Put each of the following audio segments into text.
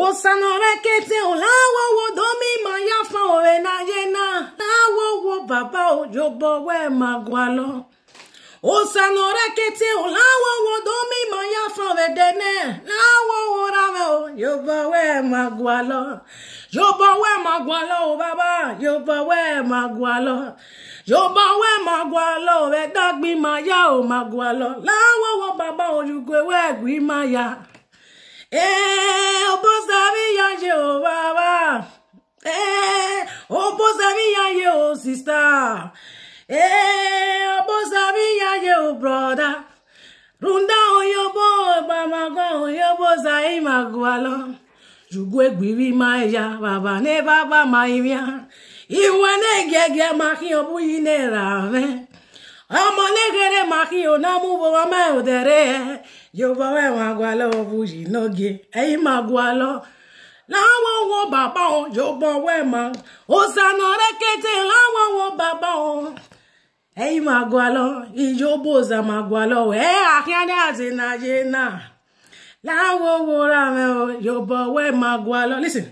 osanurekete olawowo domima yafa ore na yena awowo baba ojobo we magwalo osanurekete olawowo domima yafa ore dene awowo rave ojobo we magwalo yobo we magwalo o baba yobo we magwalo yobo we magwalo re dagbi maya o magwalo lawowo baba ojugo we gwi maya eh Samiyaye o oh, sister. Eh, Obo Samiyaye o oh, brother. Runda oyobo bamago oyobo zaimagualo. Jugwe gbiri maya baba ne baba maimia. Iwe ne gege maki obu yine rame. Ọmọ lẹ́gẹ̀rẹ̀ màkì ọ̀nà mú bọ̀ ọmọ ẹ̀ọ́dẹ̀rẹ̀ yóò bọ̀ ẹ̀wọ̀n àgbà lọ́wọ́ bùjì náà gé ẹ̀yìn màgùà lọ́wọ́ láwọn wo bàbá wọn yọgbọ́n wẹ́ẹ̀mọ́ òsànà rẹ́kẹ̀tẹ̀ láwọn wo bàbá wọn ẹ̀yin máa gọ́ àlọ́ ìyóbó ọ̀sà máa gọ́ àlọ́ ẹ̀ àkíndé àti nàyé náà láwọn wo ra mẹ́wọ́ yọgbọ́n wẹ́ẹ̀ máa gọ́ àlọ́ listen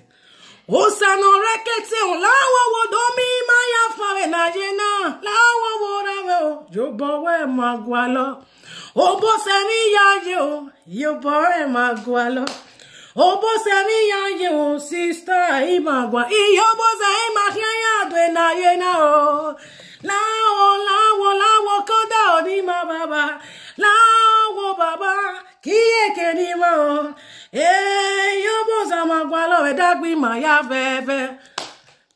òsànà rẹ́kẹ̀tẹ̀ láwọn wo domi máa yá fàrẹ̀ nàyé náà láwọn wo ra mẹ́wọ́ yọgbọ́n wẹ́ẹ̀ máa gọ́ àlọ́ òbọ̀sẹ̀ níyàá yẹ o yọgbọ́n wẹ́ẹ̀ máa gọ́ àlọ́ obosaniyaye o oh, sista imagwa iyoboza imahiayadwe dwe na o oh. láwo láwo láwo kódà òní má bàbá baba bàbá kíyèké oh. ni mọ́ o èyóbòsà máa gba lọ́wẹ́ dágbì máa yá fẹ́fẹ́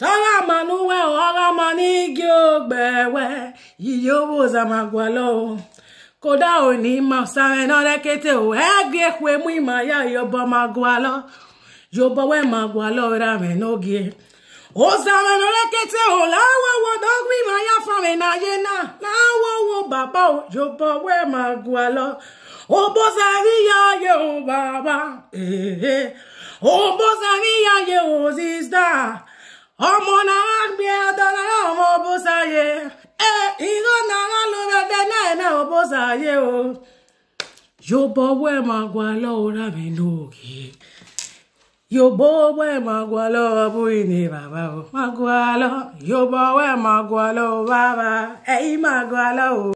tọ́lá mànúwẹ̀ ọ̀rọ̀ mọ́ ní igi ògbẹ̀wẹ̀ ìyóbòsà máa gba lọ́wọ́ kódà ò ní mọ̀ sáré náà rẹ́kẹ́tẹ́ ò ẹ́gbẹ́ ẹ̀kú ẹ̀mú ìmọ̀ ayá yọ̀bọ̀ máa gọ́ alọ́ yọ̀bọ̀ wẹ́ máa gọ́ alọ́ ra mẹ́ n'oge. ó sáré náà rẹ́kẹ́tẹ́ ò láwọ̀wọ̀ dọ́gbìn máa yá fáwọn ìnáyé náà láwọ̀wọ̀ bàbá ò yọ̀bọ̀ wẹ́ máa gọ́ alọ́ ó bó sáré yáyé ò bàbá ó bó sáré yáyé ò sísá ọmọ náà gbé sáyé o yóò bọ́wọ́ ẹ̀ máa gba lọ́wọ́ rà mí lóòkè yóò bọ́wọ́ ẹ̀ máa gba lọ́wọ́ bóyá ní bàbá o máa gba lọ́wọ́ yóò bọ́wọ́ ẹ̀ máa gba lọ́wọ́ bàbá ẹ̀yìn máa gba lọ́wọ́.